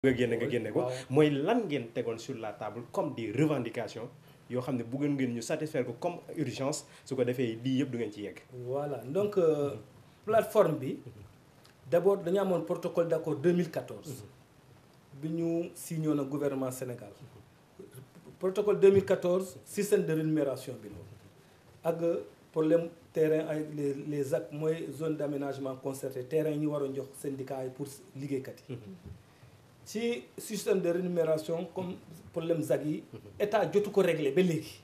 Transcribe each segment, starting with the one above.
nga génne nga génne ko mooy lan ngeen tegoon sur la table comme des revendications yoo xam ne bëggoon ngeen ñu satisfaire ko comme urgence su ko defee lii yëpp du ngeen ci yegg. voilà donc euh, bi d' abord dañu amoon protocole d' accord 2014. bi ñu signé woon ak gouvernement Sénégal. protocole 2014 seen de rémunération bi loolu ak euh, problème terrain ay les les ZAC mooy zone d' aménagement concerté terrain yi waroon jox syndicat yi pour liggéeykat yi. Mhm. ci système de rémunération comme problème ZAC yi état jotu ko réglé ba léegi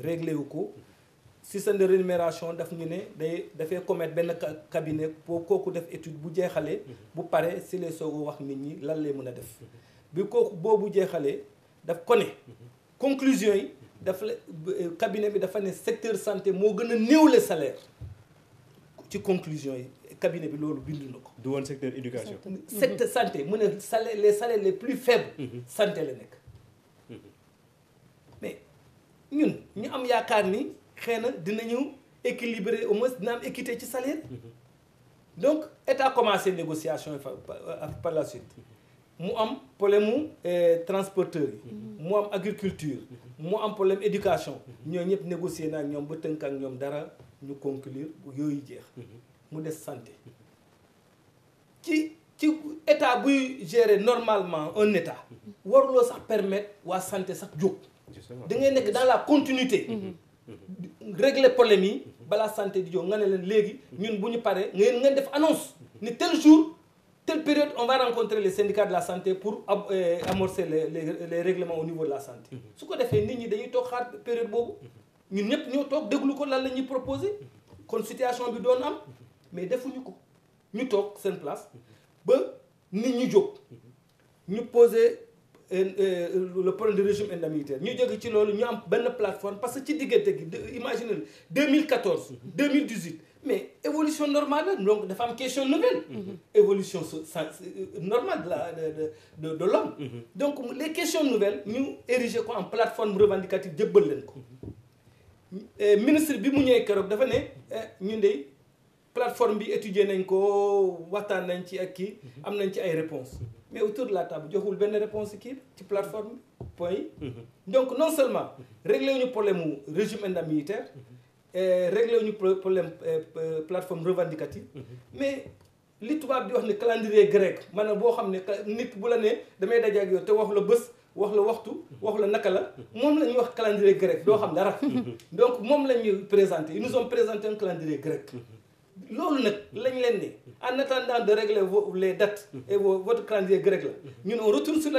réglé wu ko système de rémunération daf ñu ne day dafay commettre benn cabinet pour kooku def étude bu jeexalee bu pare si les soogu wax nit ñi lan lay mën a def bi kooku boobu jeexalee daf ko ne conclusion yi daf la cabinet bi dafa ne secteur santé moo gën a néew le salaire ci conclusion yi cabinet bi loolu bindu na ko. du woon secteur éducation. secteur santé mu ne salaire les salaires les plus faibles. Mm-hmm. santé la nekk. Mm-hmm. mais ñun ñu am yaakaar ni xëy na dinañu équilibrer au moins dina am équité ci salaire. Mm-hmm. donc état commencé négociation euh, par la suite. mu am problème mu euh, transporteur yi. mu am agriculture. mu am problème éducation. ñoo ñëpp négocier naa ñoom ba tënk ak ñoom dara ñu conclure yooyu jeex. mu des santé ci ci état buy gérer normalement un état waruloo sax permettre waa santé sax jóg da ngay nekk dans la continuité mm-hmm. Mm-hmm. régler problème yi balaa santé di jóg nga ne leen léegi ñun bu ñu paree ngeen nga def annonce ni tel jour telle période on va rencontrer les syndicats de la santé pour eh, amorcer les les règlements au niveau de la santé mm-hmm. su ko defee nit ñi dañuy toog xaar période boobu ñu ñëpp ñoo toog déglu ko lan la ñuy proposé kon situation bi doon mais defuñu ko ñu toog seen place ba nit ñu jóg ñu poser euh, euh, le problème du régime indemnitaire ñu jóge ci loolu ñu am benn plateforme parce que ci diggante gi imaginez le 2014 2018 mais évolution normale la donc dafa am question mhm. évolution euh, normale de la de de de l'homme mhm. donc les questions nouvelles ñu ériger ko en plateforme revendicative jëbbal leen ko mhm. ministre bi mu ñëwee keroog dafa ne ñu dey plateforme bi étudier nañ ko waxtaan nañ ci ak kii mhm. am nañ ci ay réponses mais autour de la table joxul benn réponse kii ci plateforme bi mhm. donc non seulement réglé wuñu problème mu régime indemnitaire mhm. euh, réglé wuñu problème euh, euh, plateforme revendicative mais li tubaab di wax ne calendrier grec maanaam boo xam ne nit bu la ne damay daje ak yow te wax la bés wax la waxtu wax la naka la moom la ñuy wax calendrier grec doo xam dara donc moom la ñuy présenté ils nous ont présenté un calendrier loolu nag lañ leen ni en attendant de régler vos les dat et vos votre calendrier grec la ñun on retourne sur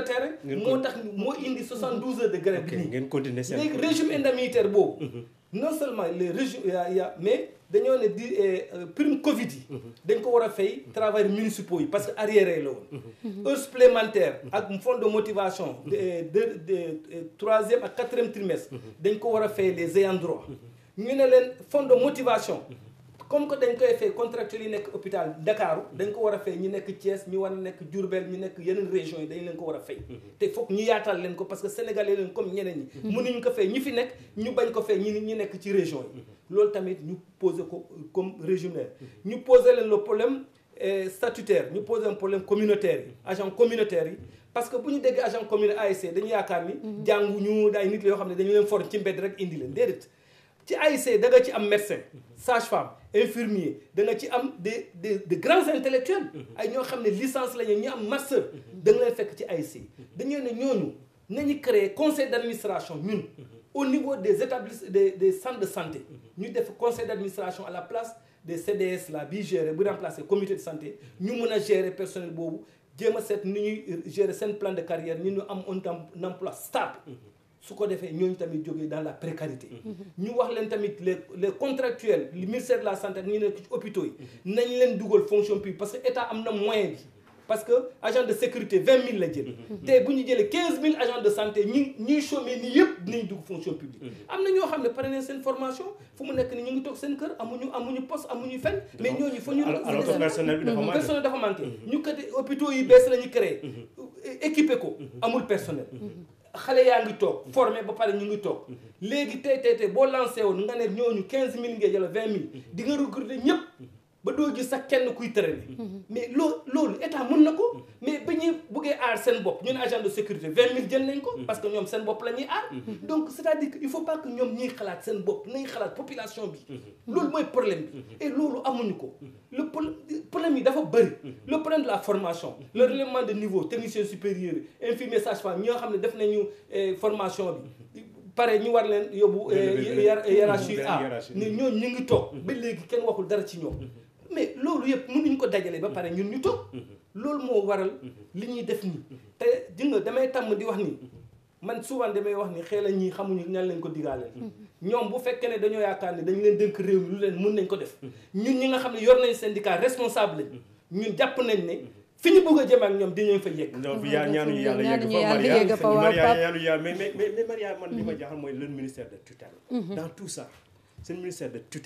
moo tax moo indi 72 heures de grève bi nii ngeen continuer seen léegi régime indemnitaire boobu mhm. non seulement les régime ya mais dañoo ne di eh, prime covid yi mhm. dañ ko war a fay mhm. travailleurs municipaux yi parce que arriéré la woon heure supplémentaire ak fonds de motivation de eh, de eh, troisième ak quatrième trimestre dañ ko war a fay les ayants droit ñu ne leen fonds de motivation comme que dañ koy fay contractuels yi nekk hôpital Dakar dañ ko war a fay ñu nekk Thiès ñu war nekk Diourbel ñu nekk yeneen régions yi dañ leen ko war a fay mhm. te foog ñu yaatal leen ko parce que sénégalais leen comme ñeneen ñi mhm. mënuñu ko fay ñu fi nekk ñu bañ ko fay ñi ñu nekk ci région yi mhm. loolu tamit ñu poser ko comme régionnaire ñu poser leen le problème eh, statutaire ñu poser un problème communautaire yi agent communautaire yi parce que bu ñu dégg agent communautaire ASC dañu yaakaar ni jànguñu daay nit yoo xam ne dañu leen for ci mbedd rek indi leen déedéet ci AIC da nga ci am médecin sage femme infirmier da nga ci am des des de grands intellectuels mhm. ay ñoo xam ne licence la ñu ñu am master da nga leen fekk ci AIC dañu ne ñooñu nañu créer conseil d' administration ñun mhm. au niveau des établissements des des centres de santé mhm. ñu def conseil d' administration à la place des CDS la bi géré bu remplacer comité de santé ñu mën a gérer personnel boobu jéem a seet ni ñuy gérer seen plan de carrière ñu nu am un emploi stable su ko defee ñooñu tamit jógee dans la précarité. Mhm. ñu wax leen tamit les les contractuels le ministère de la santé ak nekk ci yi. Mhm. nañ leen dugal fonction publique parce que état am na moyen bi. parce que agent de sécurité vingt mille la jël. Mhm. te bu ñu jëlee quinze mille agents de santé ñi ñuy chômer nii yëpp dinañ dugg fonction publique. am na ñoo xam ne pare nañ seen formation fu mu nekk ni ñu ngi toog seen kër amuñu amuñu poste amuñu fenn. mais ñooñu fa ñu. alors personnel bi dafa manqué personnel ñu kat hôpitaux yi bees la ñu créé. ko amul personnel. xale yaa ngi toog formé ba pare ñu ngi toog léegi tey tey tey boo lancé woon nga ne ñooñu quinze mille ngay jël vingt mille mhm. di nga recruter ñëpp ba doo gis sax kenn kuy traîner mhm. mais loo loolu état mun na ko mhm. bëggee aar seen bopp ñu ne agent de sécurité vingt mille jël nañ ko mm-hmm. parce que ñoom seen bopp la ñuy aar mm-hmm. donc c'est-à-dire que il faut pas que ñoom ñuy xalaat seen bopp nañ xalaat population bi mm-hmm. loolu mooy problème bi et loolu amuñu ko le problème yi dafa bëri le problème de la formation le relèvement de niveau technicien supérieur infirmier sage-femme ñi xam ne def nañu eh, formation bi pare ñu war leen yóbbu eh, hiérarchie A ne ñooñu ñu ngi toog ba léegi kenn waxul dara ci ñoom mais loolu yëpp mënuñ ko dajale ba pare ñun ñu toog loolu moo waral mhm. li ñuy def nii mhm. te di nga damay tàmm di wax ni mhm. man souvent damay wax ni xel ñii xamuñu ñan lañ ko digaaleel ñoom bu fekkee ne dañoo yaakaar ne dañu leen dénk réew mi lu leen mën nañ ko def ñun ñi nga xam ne yoon yor nañ syndicat responsable lañ ñun jàpp nañ ne fi ñu bëgg a jëm ak ñoom dinañ fa yegg ñu yàlla yegg fa Maria ñaanuñu yàlla mais mais mais Maria man li ma jaaxal mooy le ministère de tutelle dans tout ça seen